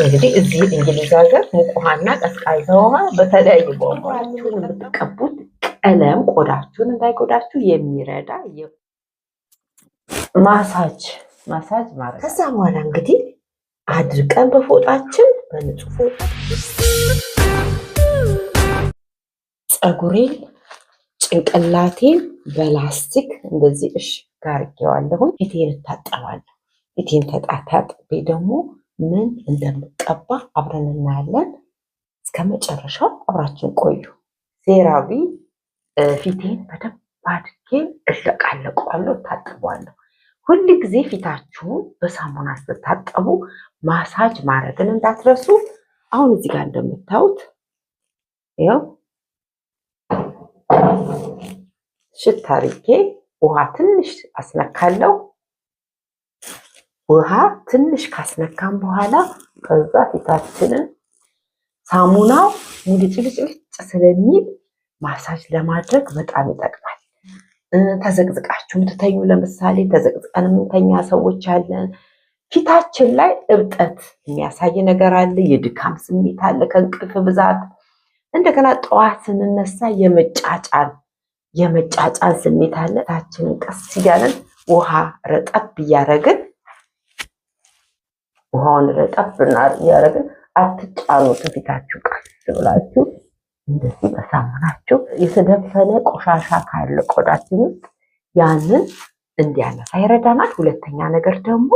እንግዲህ እዚህ እንግሊዝ ሀገር ሙቅ ውሃና ቀዝቃዛ ውሃ በተለያዩ በቋችሁን የምትቀቡት ቀለም ቆዳችሁን እንዳይጎዳችሁ የሚረዳ ማሳጅ ማሳጅ ማለት ከዛ በኋላ እንግዲህ አድርቀን በፎጣችን በንጹህ ፎጣ ፀጉሬን ጭንቅላቴን በላስቲክ እንደዚህ እሽ ጋርጌዋለሁኝ። ፊቴን እታጠባለሁ። ፊቴን ተጣታጥቤ ደግሞ ምን እንደምቀባ አብረን እናያለን። እስከ መጨረሻው አብራችን ቆዩ። ሴራቪ ፊቴን በደንብ አድጌ እለቃለቀዋለሁ፣ ታጥቧለሁ። ሁል ጊዜ ፊታችሁን በሳሙና ስትታጠቡ ማሳጅ ማድረግን እንዳትረሱ። አሁን እዚህ ጋር እንደምታዩት ያው ሽታ አድርጌ ውሃ ትንሽ አስነካለሁ። ውሃ ትንሽ ካስነካም በኋላ ከዛ ፊታችንን ሳሙናው ሙሉ ጭልጭልጭ ስለሚል ማሳጅ ለማድረግ በጣም ይጠቅማል። ተዘቅዝቃችሁ ምትተኙ ለምሳሌ ተዘቅዝቀን የምንተኛ ሰዎች አለን። ፊታችን ላይ እብጠት የሚያሳይ ነገር አለ። የድካም ስሜት አለ ከእንቅልፍ ብዛት። እንደገና ጠዋት ስንነሳ የመጫጫን የመጫጫን ስሜት አለ። ፊታችንን ቀስ እያለን ውሃ ረጠብ እያደረግን ውሃውን ረጨፍ እያደረግን አትጫኑ። ፊታችሁ ቀስ ብላችሁ እንደዚህ በሳሙናችሁ የተደፈነ ቆሻሻ ካለ ቆዳችን ውስጥ ያንን እንዲያነሳ ይረዳናል። ሁለተኛ ነገር ደግሞ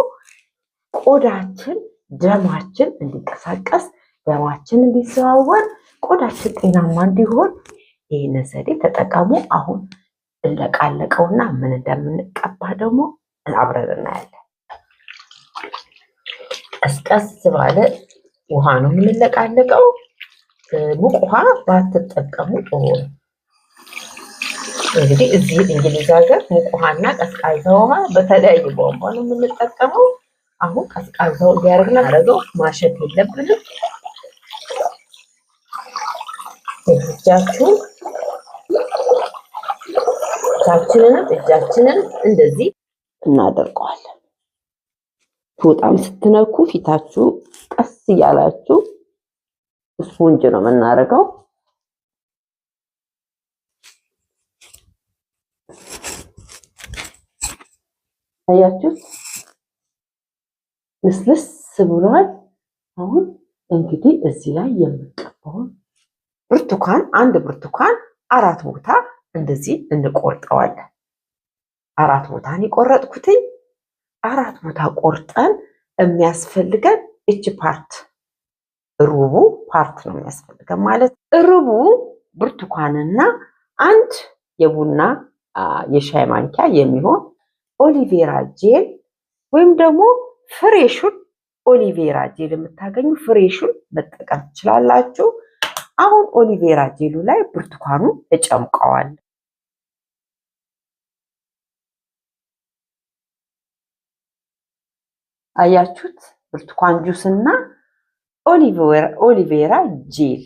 ቆዳችን ደማችን እንዲንቀሳቀስ ደማችን እንዲዘዋወር ቆዳችን ጤናማ እንዲሆን ይህንን ዘዴ ተጠቀሙ። አሁን እንደቃለቀውና ምን እንደምንቀባ ደግሞ አብረን እናያለን። ቀስቀስ ባለ ውሃ ነው የምንለቃለቀው። ሙቅ ውሃ ባትጠቀሙ ጥሩ ነው። እንግዲህ እዚህ እንግሊዝ ሀገር ሙቅ ውሃና ቀዝቃዛ ውሃ በተለያዩ ቧንቧ ነው የምንጠቀመው። አሁን ቀዝቃዛው እያደረግን አረገው ማሸት የለብንም። እጃችሁን እጃችንንም እጃችንን እንደዚህ እናደርገዋለን። ፎጣም ስትነኩ ፊታችሁ ቀስ እያላችሁ ስፖንጅ ነው የምናደርገው። ታያችሁት ልስልስ ብሏል። አሁን እንግዲህ እዚህ ላይ የምንቀባውን ብርቱካን አንድ ብርቱካን አራት ቦታ እንደዚህ እንቆርጠዋለን። አራት ቦታን የቆረጥኩትኝ። አራት ቦታ ቆርጠን የሚያስፈልገን እች ፓርት ሩቡ ፓርት ነው የሚያስፈልገን ማለት ሩቡ ብርቱካንና አንድ የቡና የሻይ ማንኪያ የሚሆን ኦሊቬራ ጄል ወይም ደግሞ ፍሬሹን ኦሊቬራ ጄል የምታገኙ ፍሬሹን መጠቀም ትችላላችሁ። አሁን ኦሊቬራ ጄሉ ላይ ብርቱካኑ እጨምቀዋል። አያችሁት? ብርቱካን ጁስ እና ኦሊቬራ ጄል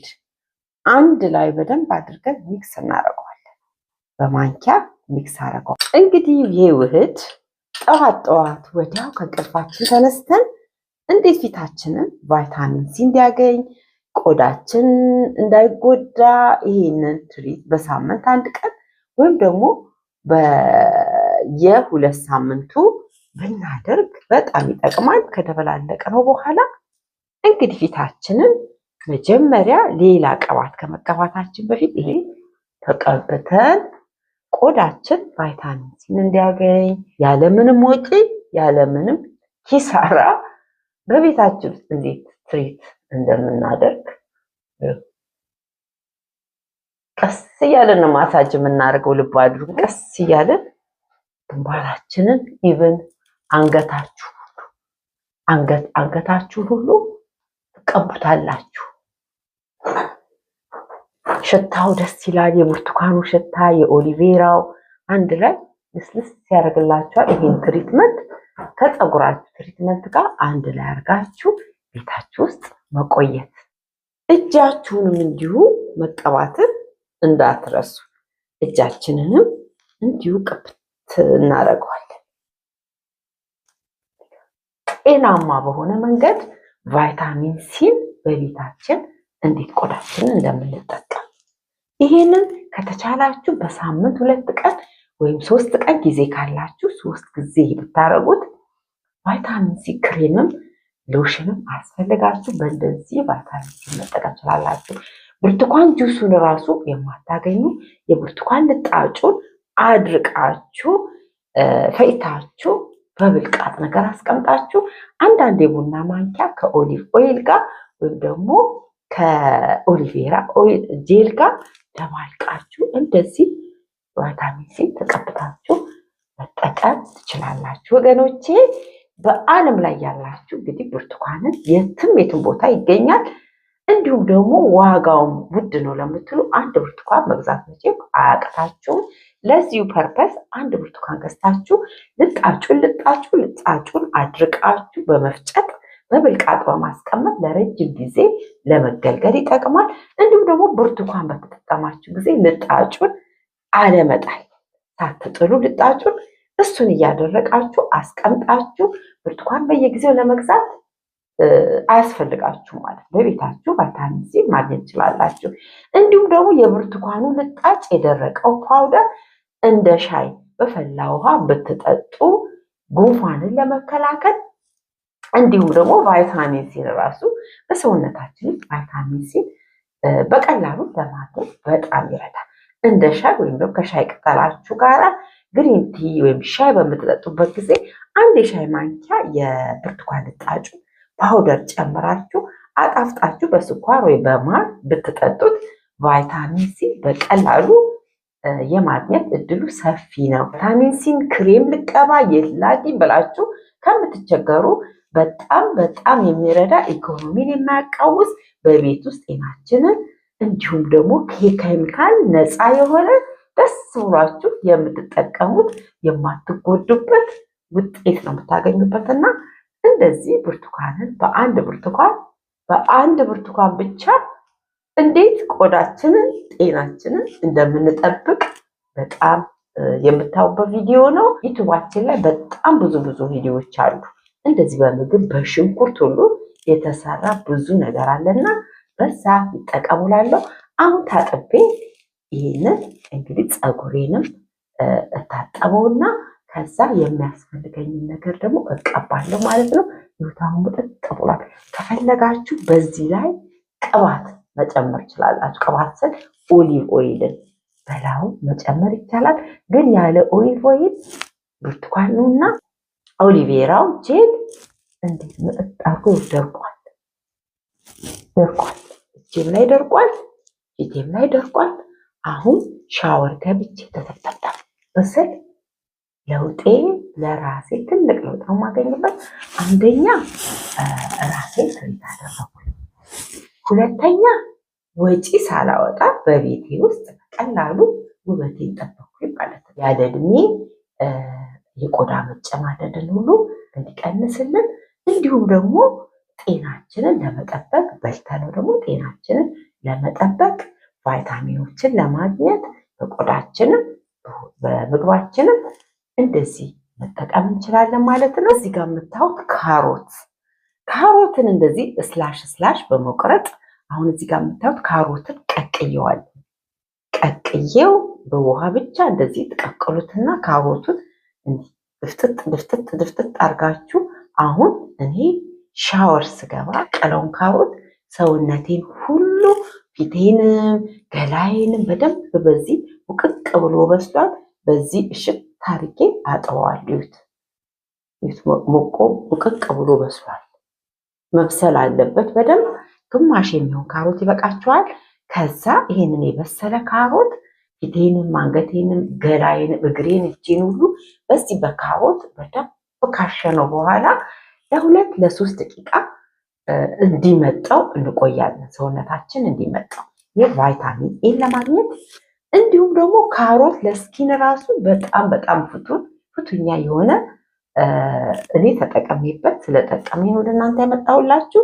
አንድ ላይ በደንብ አድርገን ሚክስ እናደርገዋለን። በማንኪያ ሚክስ አደርገዋል። እንግዲህ ይሄ ውህድ ጠዋት ጠዋት ወዲያው ከእንቅልፋችን ተነስተን እንዴት ፊታችንን ቫይታሚን ሲ እንዲያገኝ ቆዳችን እንዳይጎዳ ይሄንን ትሪት በሳምንት አንድ ቀን ወይም ደግሞ በየሁለት ሳምንቱ ብናደርግ በጣም ይጠቅማል። ከተበላለቀ ነው በኋላ እንግዲህ ፊታችንን መጀመሪያ ሌላ ቅባት ከመቀባታችን በፊት ይሄ ተቀብተን ቆዳችን ቫይታሚን ሲን እንዲያገኝ ያለምንም ወጪ ያለምንም ኪሳራ በቤታችን ውስጥ እንዴት ትሪት እንደምናደርግ ቀስ እያለን ማሳጅ የምናደርገው ልብ አድርጉ። ቀስ እያለን ግንባራችንን ኢቨን አንገታችሁ አንገታችሁ ሁሉ ትቀቡታላችሁ። ሽታው ደስ ይላል። የብርቱካኑ ሽታ የኦሊቬራው አንድ ላይ ልስልስ ሲያደርግላችኋል። ይሄን ትሪትመንት ከፀጉራችሁ ትሪትመንት ጋር አንድ ላይ አድርጋችሁ ቤታችሁ ውስጥ መቆየት እጃችሁንም እንዲሁ መቀባትን እንዳትረሱ። እጃችንንም እንዲሁ ቅብት እናደርገዋለን። ጤናማ በሆነ መንገድ ቫይታሚን ሲን በቤታችን እንዴት ቆዳችንን እንደምንጠቀም ይሄንን ከተቻላችሁ በሳምንት ሁለት ቀን ወይም ሶስት ቀን ጊዜ ካላችሁ ሶስት ጊዜ ብታደርጉት ቫይታሚን ሲ ክሬምም ሎሽንም አስፈልጋችሁ በእንደዚህ ቫይታሚን ሲ መጠቀም ችላላችሁ። ብርቱካን ጁሱን ራሱ የማታገኙ የብርቱካን ልጣጩን አድርቃችሁ ፈይታችሁ በብልቃጥ ነገር አስቀምጣችሁ አንዳንድ የቡና ማንኪያ ከኦሊቭ ኦይል ጋር ወይም ደግሞ ከኦሊቬራ ጄል ጋር ደባልቃችሁ እንደዚህ ቫይታሚን ሲ ተቀብታችሁ መጠቀም ትችላላችሁ ወገኖቼ። በዓለም ላይ ያላችሁ እንግዲህ ብርቱካንን የትም የትም ቦታ ይገኛል። እንዲሁም ደግሞ ዋጋውም ውድ ነው ለምትሉ አንድ ብርቱካን መግዛት መቼም አያቅታችሁም። ለዚሁ ፐርፐስ አንድ ብርቱካን ገዝታችሁ ልጣጩን ልጣጩ ልጣጩን አድርቃችሁ በመፍጨት በብልቃጥ በማስቀመጥ ለረጅም ጊዜ ለመገልገል ይጠቅማል። እንዲሁም ደግሞ ብርቱካን በተጠቀማችሁ ጊዜ ልጣጩን አለመጣል ሳትጥሉ ልጣጩን እሱን እያደረቃችሁ አስቀምጣችሁ ብርቱካን በየጊዜው ለመግዛት አያስፈልጋችሁ ማለት በቤታችሁ ቫይታሚን ሲ ማግኘት ትችላላችሁ። እንዲሁም ደግሞ የብርቱካኑ ልጣጭ የደረቀው ፓውደር እንደ ሻይ በፈላ ውሃ ብትጠጡ ጉንፋንን ለመከላከል እንዲሁም ደግሞ ቫይታሚን ሲን ራሱ በሰውነታችን ቫይታሚን ሲን በቀላሉ ለማግኘት በጣም ይረዳል። እንደ ሻይ ወይም ደግሞ ከሻይ ቅጠላችሁ ጋር ግሪን ቲ ወይም ሻይ በምትጠጡበት ጊዜ አንድ የሻይ ማንኪያ የብርቱካን ልጣጩ ፓውደር ጨምራችሁ አጣፍጣችሁ በስኳር ወይም በማር ብትጠጡት ቫይታሚን ሲ በቀላሉ የማግኘት እድሉ ሰፊ ነው። ቪታሚን ሲን ክሬም ልቀባ የላቂ ብላችሁ ከምትቸገሩ በጣም በጣም የሚረዳ ኢኮኖሚን የማያቃውስ በቤት ውስጥ ጤናችንን እንዲሁም ደግሞ ከኬሚካል ነፃ የሆነ ደስ ብሏችሁ የምትጠቀሙት የማትጎዱበት ውጤት ነው የምታገኙበት እና እንደዚህ ብርቱካንን በአንድ ብርቱካን በአንድ ብርቱካን ብቻ እንዴት ቆዳችንን ጤናችንን እንደምንጠብቅ በጣም የምታውበት ቪዲዮ ነው። ዩቱባችን ላይ በጣም ብዙ ብዙ ቪዲዮዎች አሉ። እንደዚህ በምግብ በሽንኩርት ሁሉ የተሰራ ብዙ ነገር አለና በዛ ይጠቀሙላለሁ። አሁን ታጥቤ ይህንን እንግዲህ ፀጉሬንም እታጠበውና ከዛ የሚያስፈልገኝን ነገር ደግሞ እቀባለሁ ማለት ነው። ይሁት አሁን ጥጥ ብሏል። ከፈለጋችሁ በዚህ ላይ ቅባት መጨመር ይችላላችሁ። ቅባት ስል ኦሊቭ ኦይልን በላው መጨመር ይቻላል። ግን ያለ ኦሊቭ ኦይል ብርቱካኑና ኦሊቬራው ጄል እንዴት ምጥጥ ደርቋል ደርቋል። እጄም ላይ ደርቋል፣ ፊቴም ላይ ደርቋል። አሁን ሻወር ገብቼ ተተብተብታ በስል ለውጤ ለራሴ ትልቅ ለውጥ የማገኝበት አንደኛ ራሴ ስሪት ሁለተኛ ወጪ ሳላወጣ በቤቴ ውስጥ በቀላሉ ውበቴን ጠበኩኝ ማለት ነው። ያለ እድሜ የቆዳ መጨማደድን ሁሉ እንዲቀንስልን እንዲሁም ደግሞ ጤናችንን ለመጠበቅ በልተነው ደግሞ ጤናችንን ለመጠበቅ ቫይታሚኖችን ለማግኘት በቆዳችንም በምግባችንም እንደዚህ መጠቀም እንችላለን ማለት ነው። እዚህ ጋር የምታዩት ካሮት ካሮትን እንደዚህ ስላሽ ስላሽ በመቁረጥ አሁን እዚህ ጋር የምታዩት ካሮትን ቀቅየዋል። ቀቅየው በውሃ ብቻ እንደዚህ ተቀቅሉትና ካሮቱን ድፍጥጥ ድፍጥጥ ድፍጥጥ አድርጋችሁ አሁን እኔ ሻወር ስገባ ቀለውን ካሮት ሰውነቴን ሁሉ ፊቴንም ገላይንም በደንብ በዚህ ውቅቅ ብሎ በስሏል። በዚህ እሽት ታርጌ አጥበዋለሁ። ሞቆ ውቅቅ ብሎ በስሏል። መብሰል አለበት በደንብ ግማሽ የሚሆን ካሮት ይበቃቸዋል ከዛ ይሄንን የበሰለ ካሮት ፊቴንም፣ አንገቴንም፣ ገላይን፣ እግሬን፣ እጄን ሁሉ በዚህ በካሮት በደንብ ካሸነው በኋላ ለሁለት ለሶስት ደቂቃ እንዲመጣው እንቆያለን። ሰውነታችን እንዲመጣው የቫይታሚን ኤ ለማግኘት እንዲሁም ደግሞ ካሮት ለስኪን ራሱ በጣም በጣም ፍቱን ፍቱኛ የሆነ እኔ ተጠቀሜበት ስለጠቀሜ ወደ እናንተ ያመጣሁላችሁ።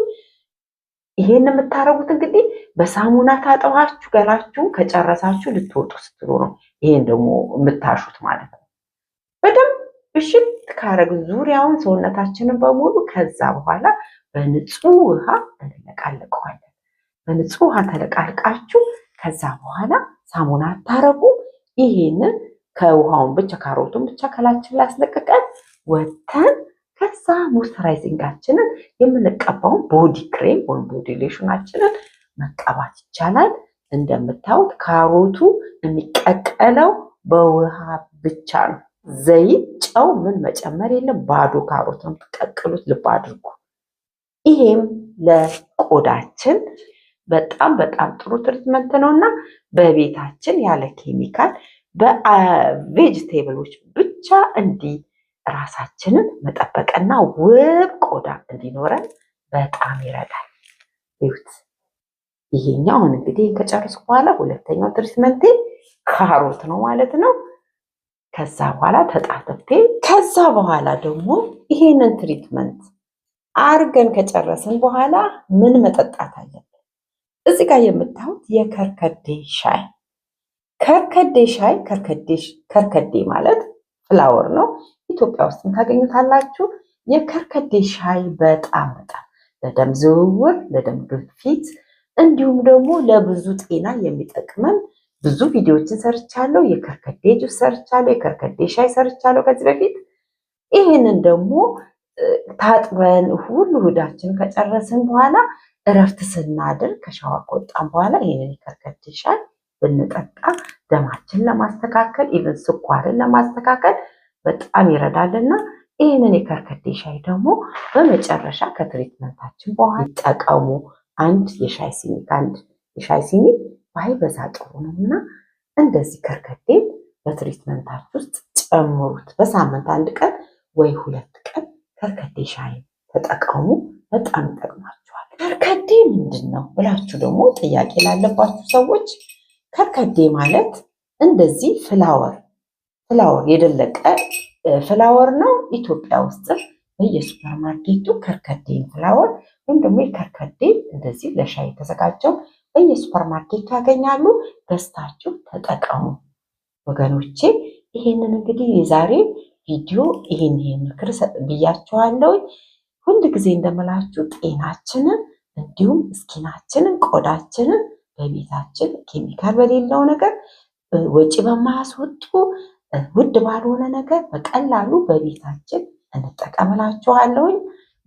ይሄን የምታረጉት እንግዲህ በሳሙና ታጠባችሁ ገላችሁን ከጨረሳችሁ ልትወጡ ስትሉ ነው። ይሄን ደግሞ የምታሹት ማለት ነው። በደንብ ብሽት ካረግ ዙሪያውን ሰውነታችንን በሙሉ ከዛ በኋላ በንጹህ ውሃ እንለቃልቀዋለን። በንጹህ ውሃ ተለቃልቃችሁ ከዛ በኋላ ሳሙና አታረጉ። ይሄንን ከውሃውን ብቻ ካሮቱን ብቻ ከላችን ላስለቅቀን ወተን ከዛ ሞስተራይዚንጋችንን የምንቀባውን ቦዲ ክሬም ወይም ቦዲ ሎሽናችንን መቀባት ይቻላል። እንደምታዩት ካሮቱ የሚቀቀለው በውሃ ብቻ ነው። ዘይት፣ ጨው፣ ምን መጨመር የለም። ባዶ ካሮት ነው የምትቀቅሉት። ልብ አድርጉ። ይሄም ለቆዳችን በጣም በጣም ጥሩ ትሪትመንት ነው እና በቤታችን ያለ ኬሚካል በቬጅቴብሎች ብቻ እንዲ ራሳችንን መጠበቅና ውብ ቆዳ እንዲኖረን በጣም ይረዳል። ይሁት ይሄኛው አሁን እንግዲህ ከጨረስኩ በኋላ ሁለተኛው ትሪትመንቴ ካሮት ነው ማለት ነው። ከዛ በኋላ ተጣጥቤ ከዛ በኋላ ደግሞ ይሄንን ትሪትመንት አርገን ከጨረስን በኋላ ምን መጠጣት አለብን? እዚህ ጋር የምታዩት የከርከዴ ሻይ ከርከዴ ሻይ ከርከዴ ማለት ፍላወር ነው። ኢትዮጵያ ውስጥም ታገኙታላችሁ። የከርከዴ ሻይ በጣም በጣም ለደም ዝውውር፣ ለደም ግፊት እንዲሁም ደግሞ ለብዙ ጤና የሚጠቅመን ብዙ ቪዲዮዎችን ሰርቻለሁ። የከርከዴ ጁስ ሰርቻለሁ። የከርከዴ ሻይ ሰርቻለሁ ከዚህ በፊት። ይህንን ደግሞ ታጥበን ሁሉ ሁዳችን ከጨረስን በኋላ እረፍት ስናድር ከሻወር ከወጣን በኋላ ይህንን የከርከዴ ሻይ ብንጠጣ ደማችን ለማስተካከል ኢቨን ስኳርን ለማስተካከል በጣም ይረዳል እና ይህንን የከርከዴ ሻይ ደግሞ በመጨረሻ ከትሪትመንታችን በኋላ ጠቀሙ። አንድ የሻይ ሲኒ ከአንድ የሻይ ሲኒ ባይበዛ ጥሩ ነው እና እንደዚህ ከርከዴን በትሪትመንታች ውስጥ ጨምሩት። በሳምንት አንድ ቀን ወይ ሁለት ቀን ከርከዴ ሻይ ተጠቀሙ። በጣም ይጠቅማችኋል። ከርከዴ ምንድን ነው ብላችሁ ደግሞ ጥያቄ ላለባችሁ ሰዎች ከርከዴ ማለት እንደዚህ ፍላወር ፍላወር የደለቀ ፍላወር ነው። ኢትዮጵያ ውስጥ በየሱፐር ማርኬቱ ከርከዴን ፍላወር ወይም ደግሞ የከርከዴን እንደዚህ ለሻይ የተዘጋጀው በየሱፐር ማርኬቱ ያገኛሉ። ገዝታችሁ ተጠቀሙ ወገኖቼ። ይሄንን እንግዲህ የዛሬ ቪዲዮ ይሄን ይሄን ምክር ብያችኋለሁ። ሁል ጊዜ እንደምላችሁ ጤናችንን እንዲሁም እስኪናችንን ቆዳችንን በቤታችን ኬሚካል በሌለው ነገር ወጪ በማያስወጡ ውድ ባልሆነ ነገር በቀላሉ በቤታችን እንጠቀምላችኋለሁኝ።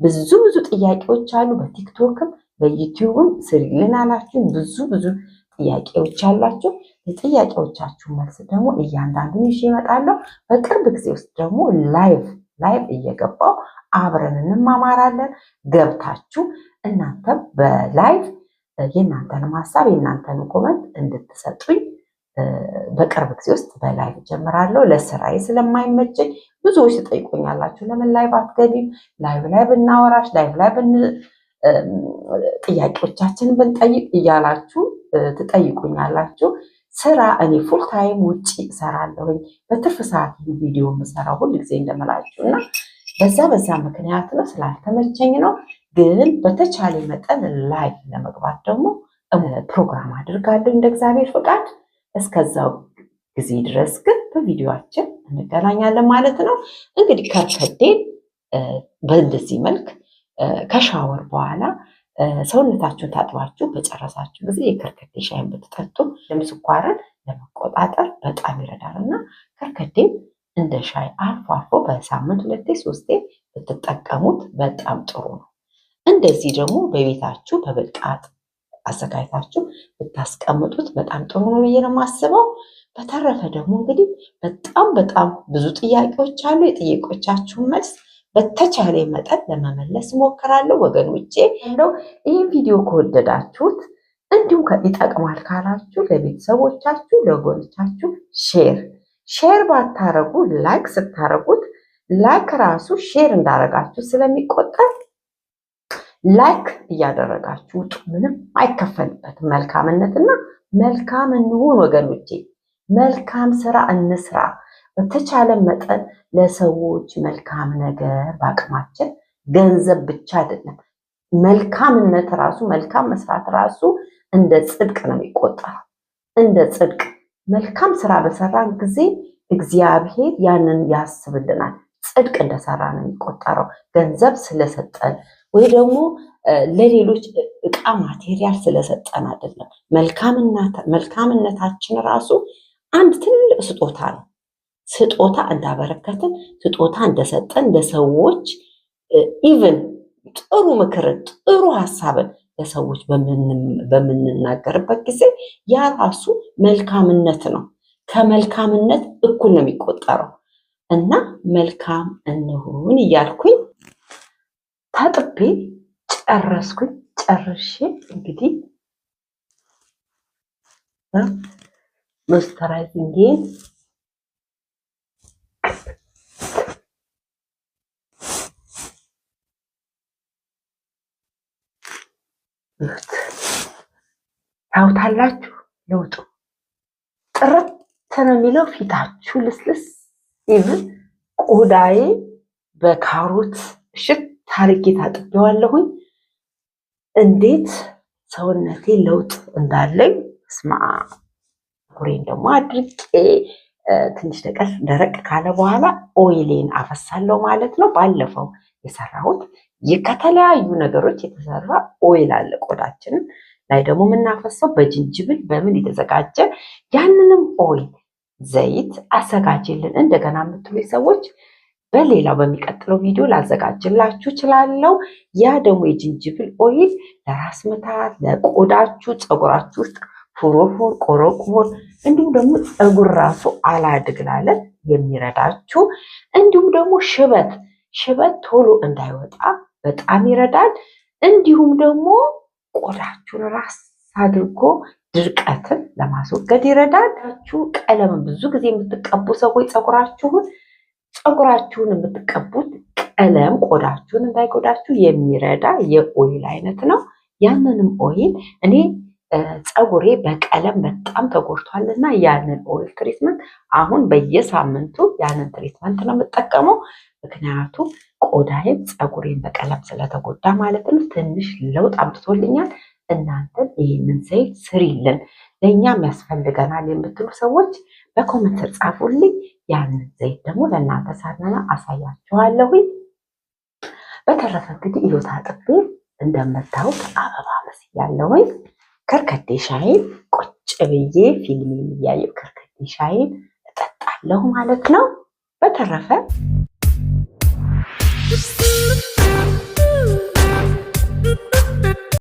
ብዙ ብዙ ጥያቄዎች አሉ። በቲክቶክም በዩቲዩብም ስሪልን አላችሁ። ብዙ ብዙ ጥያቄዎች አላችሁ። የጥያቄዎቻችሁ መልስ ደግሞ እያንዳንዱን ይዤ እመጣለሁ። በቅርብ ጊዜ ውስጥ ደግሞ ላይቭ ላይቭ እየገባው አብረን እንማማራለን። ገብታችሁ እናንተም በላይቭ የእናንተን ሀሳብ የእናንተን ኮመንት እንድትሰጡኝ በቅርብ ጊዜ ውስጥ በላይቭ ጀምራለሁ። ለስራዬ ስለማይመቸኝ ብዙዎች ትጠይቁኛላችሁ፣ ለምን ላይቭ አትገቢም? ላይቭ ላይ ብናወራሽ፣ ላይቭ ላይ ጥያቄዎቻችን ብንጠይቅ እያላችሁ ትጠይቁኛላችሁ። ስራ እኔ ፉል ታይም ውጭ እሰራለሁኝ። በትርፍ ሰዓት ቪዲዮ የምሰራው ሁል ጊዜ እንደምላችሁ እና በዛ በዛ ምክንያት ነው ስላልተመቸኝ ነው። ግን በተቻለ መጠን ላይ ለመግባት ደግሞ ፕሮግራም አድርጋለሁ እንደ እግዚአብሔር ፍቃድ። እስከዛው ጊዜ ድረስ ግን በቪዲዮችን እንገናኛለን ማለት ነው። እንግዲህ ከርከዴን በእንደዚህ መልክ ከሻወር በኋላ ሰውነታችሁን ታጥባችሁ በጨረሳችሁ ጊዜ የከርከዴ ሻይን ብትጠጡ ደም ስኳርን ለመቆጣጠር በጣም ይረዳል እና ከርከዴን እንደ ሻይ አልፎ አልፎ በሳምንት ሁለቴ ሶስቴ ብትጠቀሙት በጣም ጥሩ ነው። እንደዚህ ደግሞ በቤታችሁ በብልቃጥ አዘጋጅታችሁ ብታስቀምጡት በጣም ጥሩ ነው ብዬ ነው የማስበው። በተረፈ ደግሞ እንግዲህ በጣም በጣም ብዙ ጥያቄዎች አሉ። የጥያቄዎቻችሁን መልስ በተቻለ መጠን ለመመለስ እሞክራለሁ ውጭ እንደው ይህን ቪዲዮ ከወደዳችሁት እንዲሁም ይጠቅማል ካላችሁ ለቤተሰቦቻችሁ፣ ለወገኖቻችሁ ሼር ሼር ባታረጉ ላይክ ስታረጉት ላይክ ራሱ ሼር እንዳረጋችሁ ስለሚቆጠር ላይክ እያደረጋችሁ ውጡ። ምንም አይከፈልበትም። መልካምነትና መልካም እንሁን ወገኖቼ፣ መልካም ስራ እንስራ። በተቻለ መጠን ለሰዎች መልካም ነገር በአቅማችን ገንዘብ ብቻ አይደለም፣ መልካምነት ራሱ መልካም መስራት ራሱ እንደ ጽድቅ ነው የሚቆጠረው። እንደ ጽድቅ መልካም ስራ በሰራን ጊዜ እግዚአብሔር ያንን ያስብልናል። ጽድቅ እንደሰራ ነው የሚቆጠረው ገንዘብ ስለሰጠን ወይ ደግሞ ለሌሎች እቃ ማቴሪያል ስለሰጠን አይደለም። መልካምነታችን ራሱ አንድ ትልቅ ስጦታ ነው። ስጦታ እንዳበረከትን፣ ስጦታ እንደሰጠን ለሰዎች ኢቭን ጥሩ ምክርን፣ ጥሩ ሀሳብን ለሰዎች በምንናገርበት ጊዜ ያ ራሱ መልካምነት ነው። ከመልካምነት እኩል ነው የሚቆጠረው እና መልካም እንሁን እያልኩኝ ታጥቤ ጨረስኩኝ። ጨርሼ እንግዲህ ሞይስቸራይዚንጌን ታውታላችሁ። ለውጡ ጥርት ነው የሚለው ፊታችሁ ልስልስ ይብል ቆዳዬ በካሮት እሽት ታርጌ ታጥቤዋለሁኝ። እንዴት ሰውነቴ ለውጥ እንዳለኝ ስማ ጉሬን ደግሞ አድርቄ ትንሽ ደቀስ ደረቅ ካለ በኋላ ኦይሌን አፈሳለሁ ማለት ነው። ባለፈው የሰራሁት ከተለያዩ ነገሮች የተሰራ ኦይል አለ ቆዳችንን ላይ ደግሞ የምናፈሰው በጅንጅብል በምን የተዘጋጀ ያንንም ኦይል ዘይት አዘጋጅልን እንደገና የምትሉ ሰዎች በሌላው በሚቀጥለው ቪዲዮ ላዘጋጅላችሁ እችላለሁ። ያ ደግሞ የጅንጅብል ኦይል ለራስ ምታት፣ ለቆዳችሁ፣ ፀጉራችሁ ውስጥ ፎሮፎር፣ ቆረቆር እንዲሁም ደግሞ ፀጉር ራሱ አላድግ ላለ የሚረዳችሁ እንዲሁም ደግሞ ሽበት ሽበት ቶሎ እንዳይወጣ በጣም ይረዳል። እንዲሁም ደግሞ ቆዳችሁን ራስ አድርጎ ድርቀትን ለማስወገድ ይረዳል። ቀለም ብዙ ጊዜ የምትቀቡ ሰዎች ፀጉራችሁን ጸጉራችሁን የምትቀቡት ቀለም ቆዳችሁን እንዳይጎዳችሁ የሚረዳ የኦይል አይነት ነው። ያንንም ኦይል እኔ ፀጉሬ በቀለም በጣም ተጎድቷል እና ያንን ኦይል ትሪትመንት አሁን በየሳምንቱ ያንን ትሪትመንት ነው የምጠቀመው። ምክንያቱም ቆዳዬን ጸጉሬን በቀለም ስለተጎዳ ማለት ነው። ትንሽ ለውጥ አምጥቶልኛል። እናንተም ይህንን ዘይት ስሪልን ለእኛም ያስፈልገናል የምትሉ ሰዎች በኮመንት ጻፉልኝ። ያንን ዘይት ደግሞ ለእናንተ ሳነና አሳያችኋለሁኝ። በተረፈ እንግዲህ ይኸው ታጥቤ እንደምታዩት አበባ መስያለሁኝ። ከርከዴ ሻይን ቁጭ ብዬ ፊልም የሚያየው ከርከዴ ሻይን እጠጣለሁ ማለት ነው። በተረፈ